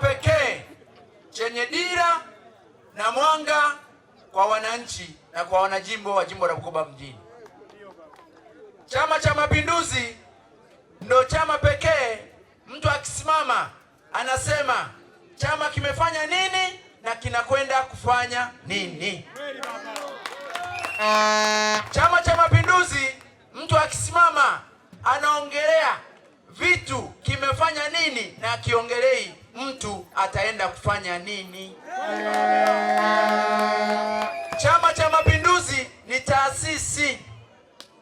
pekee chenye dira na mwanga kwa wananchi na kwa wanajimbo wa jimbo la Bukoba mjini. Chama cha Mapinduzi ndo chama pekee mtu akisimama anasema chama kimefanya nini na kinakwenda kufanya nini. Chama cha Mapinduzi mtu akisimama anaongelea vitu kimefanya nini na akiongelei mtu ataenda kufanya nini? Chama cha Mapinduzi ni taasisi.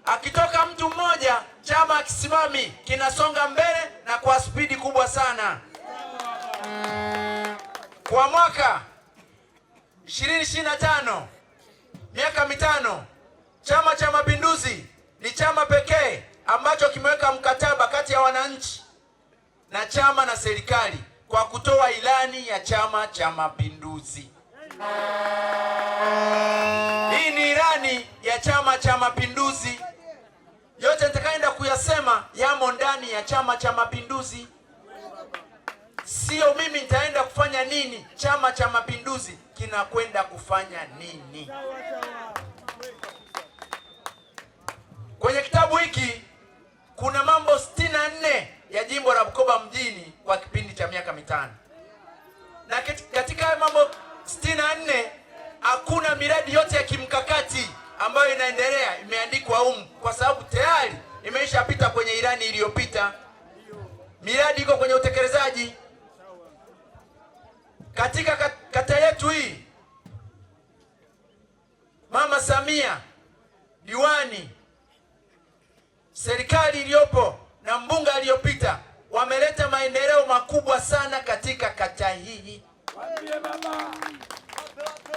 Akitoka mtu mmoja, chama akisimami kinasonga mbele na kwa spidi kubwa sana. Kwa mwaka 2025 miaka mitano, Chama cha Mapinduzi ni chama pekee ambacho kimeweka mkataba kati ya wananchi na chama na serikali kwa kutoa ilani ya Chama cha Mapinduzi. Hii ni ilani ya Chama cha Mapinduzi. Yote nitakaenda kuyasema yamo ndani ya Chama cha Mapinduzi, sio mimi nitaenda kufanya nini. Chama cha Mapinduzi kinakwenda kufanya nini? Kwenye kitabu hiki kuna mambo sitini na nne ya jimbo la Bukoba mjini kwa kipindi cha miaka mitano, na katika hayo mambo 64 hakuna miradi yote ya kimkakati ambayo inaendelea imeandikwa humu, kwa sababu tayari imeshapita kwenye ilani iliyopita. Miradi iko kwenye utekelezaji katika kata yetu hii. Mama Samia, diwani, serikali iliyopo na mbunge aliyopita wameleta maendeleo makubwa sana katika kata hii.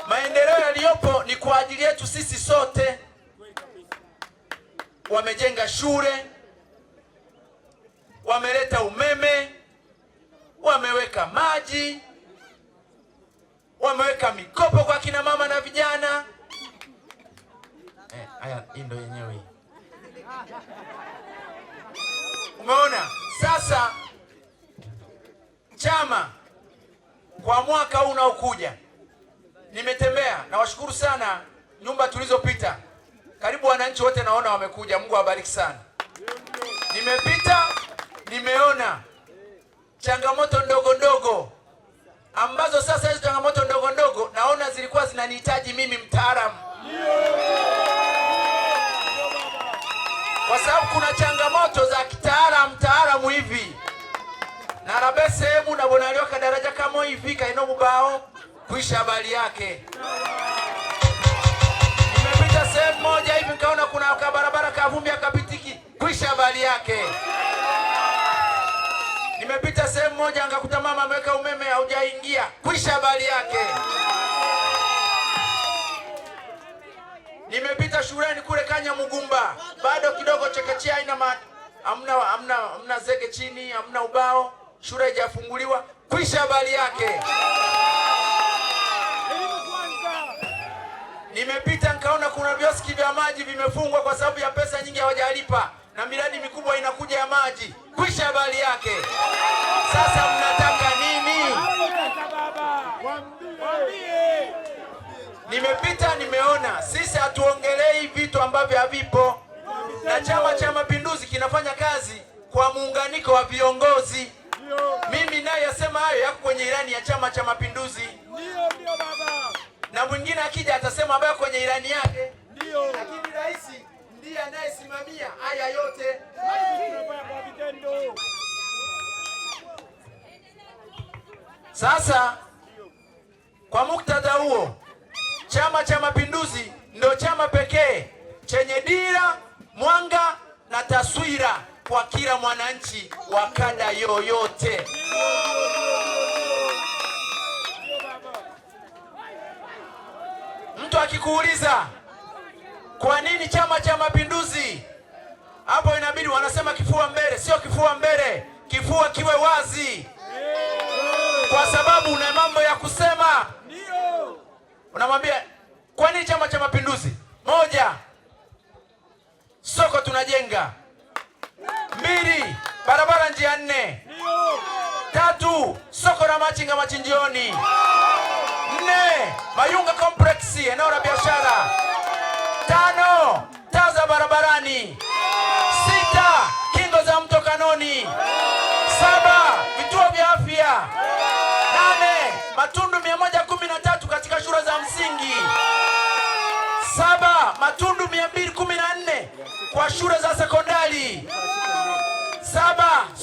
Maendeleo yaliyopo ni kwa ajili yetu sisi sote. Wamejenga shule, wameleta umeme, wameweka maji, wameweka mikopo kwa kina mama na vijana. Eh, haya ndio yenyewe. Umeona sasa, chama kwa mwaka huu unaokuja, nimetembea na washukuru sana nyumba tulizopita, karibu wananchi wote naona wamekuja. Mungu awabariki sana. Nimepita, nimeona changamoto ndogo ndogo ambazo sasa hizo changamoto ndogo ndogo naona zilikuwa zinanihitaji mimi mtaalamu kwa sababu kuna changamoto za kitaalamu taalamu hivi narabe sehemu nabonaliwa daraja kama hivi kaino mubao kuisha habari yake. Nimepita sehemu moja hivi nikaona kuna kabarabara kavumbi akapitiki kuisha habari yake. Nimepita sehemu moja ngakuta mama ameweka umeme haujaingia kuisha habari yake. Nilipofika shuleni kule Kanyamugumba, bado kidogo chekechea, haina ma amna, amna, amna zege chini, amna ubao, shule haijafunguliwa. Kwisha habari yake. Nimepita nikaona kuna vioski vya maji vimefungwa kwa sababu ya pesa nyingi hawajalipa, na miradi mikubwa inakuja ya maji. Kwisha habari yake. Sasa nimeona sisi hatuongelei vitu ambavyo havipo, na Chama cha Mapinduzi kinafanya kazi kwa muunganiko wa viongozi. Mimi naye asema hayo yako kwenye ilani ya Chama cha Mapinduzi, na mwingine akija atasema ambayo kwenye ilani yake, lakini rais ndiye anayesimamia haya yote. Sasa kwa muktadha huo Chama cha Mapinduzi ndio chama pekee chenye dira, mwanga na taswira kwa kila mwananchi wa kada yoyote. Mtu akikuuliza kwa nini chama cha mapinduzi, hapo inabidi wanasema kifua mbele. Sio kifua mbele, kifua kiwe wazi, kwa sababu una mambo ya kusema unamwambia kwa nini Chama cha Mapinduzi? Moja, soko tunajenga; mbili, barabara njia nne; tatu, soko la machinga machinjioni; nne, Mayunga complex eneo la biashara; tano, taa za barabarani; sita, kingo za mto Kanoni; saba, vituo vya afya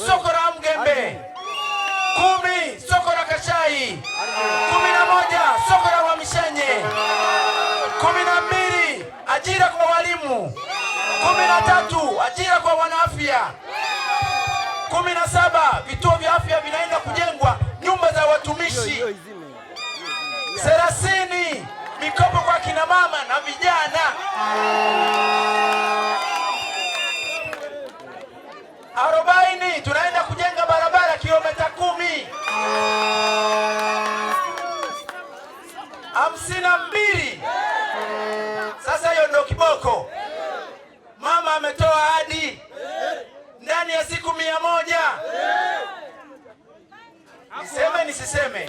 soko la Mgembe, kumi soko la Kashai, kumi na moja soko la wamishenye kumi na mbili ajira kwa walimu, kumi na tatu ajira kwa wanaafya, kumi na saba vituo vya afya vinaenda kujengwa, nyumba za watumishi thelathini mikopo kwa kinamama na vijana ndani ya siku mia moja. Niseme nisiseme?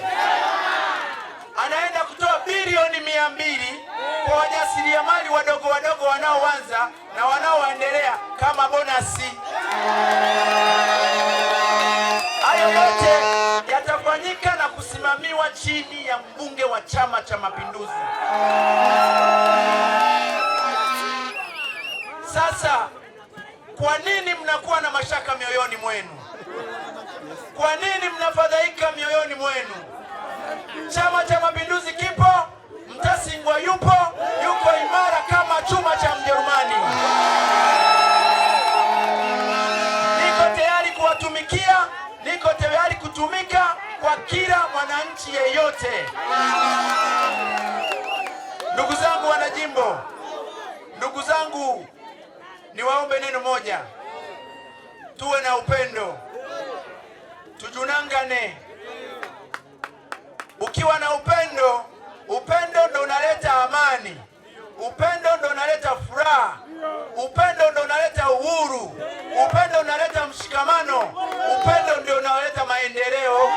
Anaenda kutoa bilioni mia mbili kwa wajasiriamali wadogo wadogo wanaoanza na wanaoendelea kama bonasi. Hayo yote yatafanyika na kusimamiwa chini ya mbunge wa Chama cha Mapinduzi. Sasa kwa nini mnakuwa na mashaka mioyoni mwenu? Kwa nini mnafadhaika mioyoni mwenu? Chama cha Mapinduzi kipo, Mtasingwa yupo, yuko imara kama chuma cha Mjerumani. Niko tayari kuwatumikia, niko tayari kutumika kwa kila mwananchi yeyote. Ndugu zangu wanajimbo, ndugu zangu Niwaombe neno moja, tuwe na upendo, tujunangane. Ukiwa na upendo, upendo ndo unaleta amani, upendo ndo unaleta furaha, upendo ndo unaleta uhuru, upendo unaleta mshikamano, upendo ndio unaleta maendeleo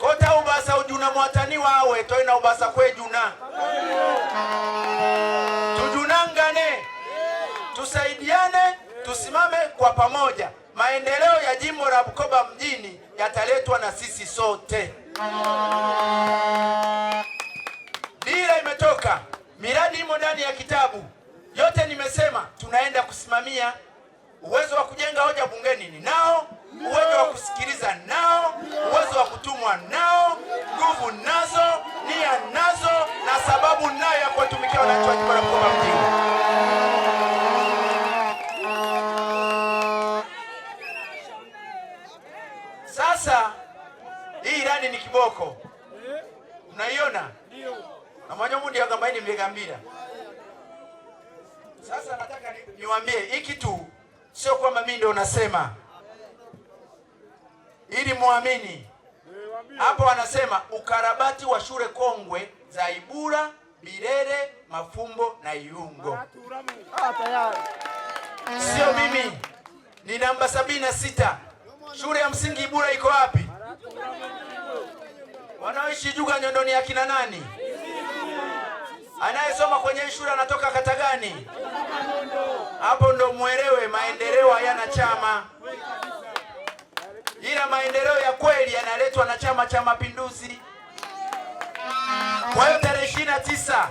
kota ubasa ujuna mwatani wawe toina ubasa kwejuna tusimame kwa pamoja. Maendeleo ya jimbo la Bukoba mjini yataletwa na sisi sote. Dira imetoka, miradi imo ndani ya kitabu, yote nimesema tunaenda kusimamia. Uwezo wa kujenga hoja bungeni ni nao, uwezo wa kusikiliza nao, uwezo wa kutumwa nao, nguvu nazo, nia nazo, na sababu nayo ya kuwatumikia wananchi wa jimbo la Bukoba mjini. Sasa hii ilani ni kiboko, mnaiona namanya mundi agambaini mbegambira. Sasa nataka niwaambie hii kitu, sio kwamba mimi ndio nasema, ili muamini hapo. Wanasema ukarabati wa shule kongwe za Ibura, Birere, Mafumbo na Iungo, ah, ah, sio mimi, ni namba sabini na sita. Shule ya msingi bura iko wapi? Wanaoishi Juga Nyondoni akina nani? Anayesoma kwenye shule anatoka kata gani? Hapo ndo mwelewe, maendeleo hayana chama, ila maendeleo ya kweli yanaletwa na Chama cha Mapinduzi. Kwa hiyo tarehe ishirini na tisa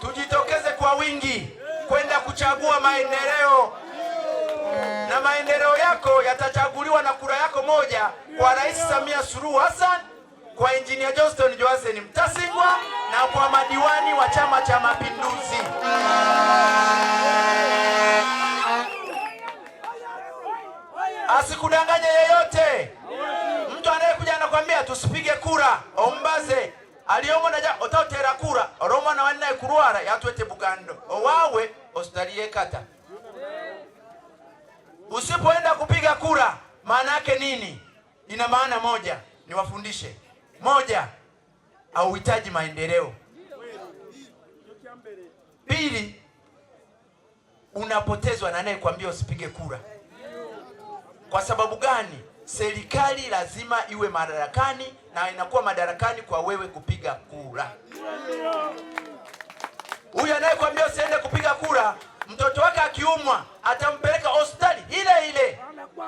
tujitokeze kwa wingi kwenda kuchagua maendeleo na maendeleo yako yatachaguliwa na kura yako moja kwa Rais Samia Suluhu Hassan, kwa Injinia Johnston Joasen Mtasingwa na kwa madiwani wa Chama cha Mapinduzi. Asikudanganye yeyote. Mtu anayekuja anakwambia tusipige kura ombaze aliyomo naja ototera kura oroma na wanne kurwara yatwete bugando owawe ositaliye kata Usipoenda kupiga kura maana yake nini? Ina maana moja, niwafundishe moja, hauhitaji maendeleo. Pili, unapotezwa na anayekwambia usipige kura. Kwa sababu gani? Serikali lazima iwe madarakani na inakuwa madarakani kwa wewe kupiga kura. Huyu anayekwambia usiende kupiga kura mtoto wake akiumwa atampeleka hospitali ile ile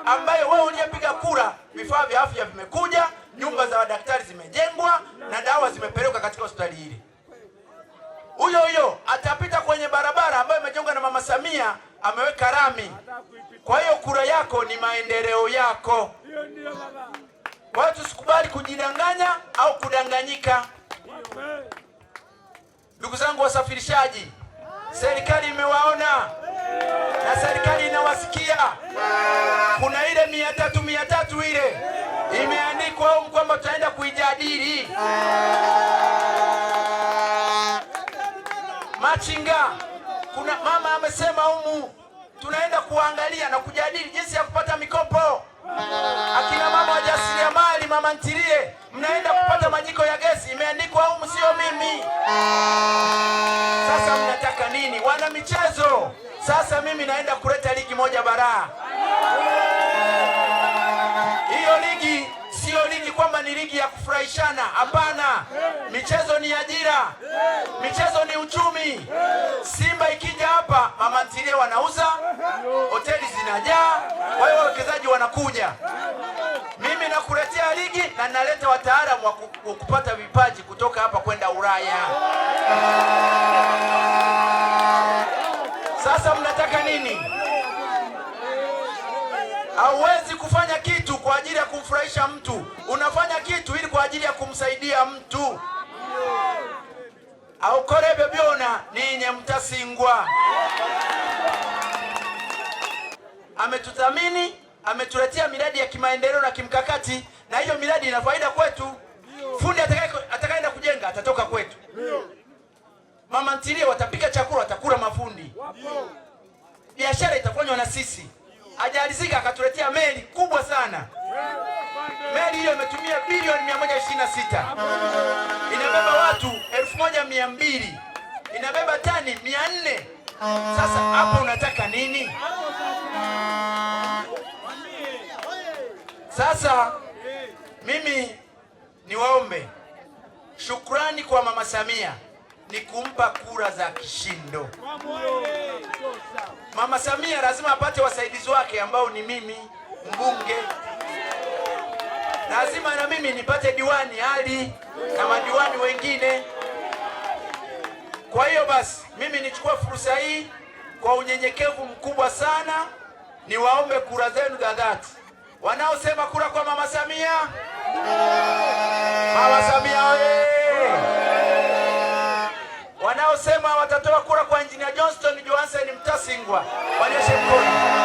ambayo wewe uliyepiga kura, vifaa vya afya vimekuja, nyumba za madaktari zimejengwa na dawa zimepelekwa katika hospitali ile. Huyo huyo atapita kwenye barabara ambayo imejengwa na mama Samia, ameweka rami. Kwa hiyo kura yako ni maendeleo yako. Kwa hiyo tusikubali kujidanganya au kudanganyika, ndugu zangu wasafirishaji. Serikali imewaona na serikali inawasikia. Kuna ile mia tatu mia tatu ile imeandikwa huko kwamba tutaenda kuijadili. Machinga, kuna mama amesema humu tunaenda kuangalia na kujadili jinsi ya kupata mikopo. Akina mama wajasiriamali, mama ntilie, mnaenda kupata majiko ya gesi, imeandikwa au msio? Mimi sasa mnataka nini, wana michezo? Sasa mimi naenda kuleta ligi moja bara, hiyo ligi ni kwamba ni ligi ya kufurahishana. Hapana, michezo ni ajira, michezo ni uchumi. Simba ikija hapa, mama ntilie wanauza, hoteli zinajaa, kwa hiyo wawekezaji wanakuja. Mimi nakuletea ligi na naleta wataalamu wa kupata vipaji kutoka hapa kwenda Ulaya. Sasa mnataka nini? Hauwezi kufanya kitu kwa ajili ya kumfurahisha mtu, unafanya kitu ili kwa ajili ya kumsaidia mtu. aukorebe byona ninye mtasingwa. Ametuthamini, ametuletea miradi ya kimaendeleo na kimkakati, na hiyo miradi ina faida kwetu. Fundi atakayeenda kujenga atatoka kwetu, mama ntilie watapika chakula watakula mafundi, biashara itafanywa na sisi ajalizika akatuletea meli kubwa sana. Meli hiyo imetumia bilioni 126 inabeba watu 1200 inabeba tani 400. Sasa hapo unataka nini? Sasa mimi niwaombe shukrani kwa Mama Samia ni kumpa kura za kishindo. Mama Samia lazima apate wasaidizi wake ambao ni mimi mbunge, lazima na mimi nipate diwani hadi na madiwani wengine. Kwa hiyo basi, mimi nichukua fursa hii kwa unyenyekevu mkubwa sana, niwaombe kura zenu za dhati. Wanaosema kura kwa mama Samia, mama Samia oye! wanaosema watatoa kura kwa Injinia Johnston Johansen Mtasingwa walioshe mkono.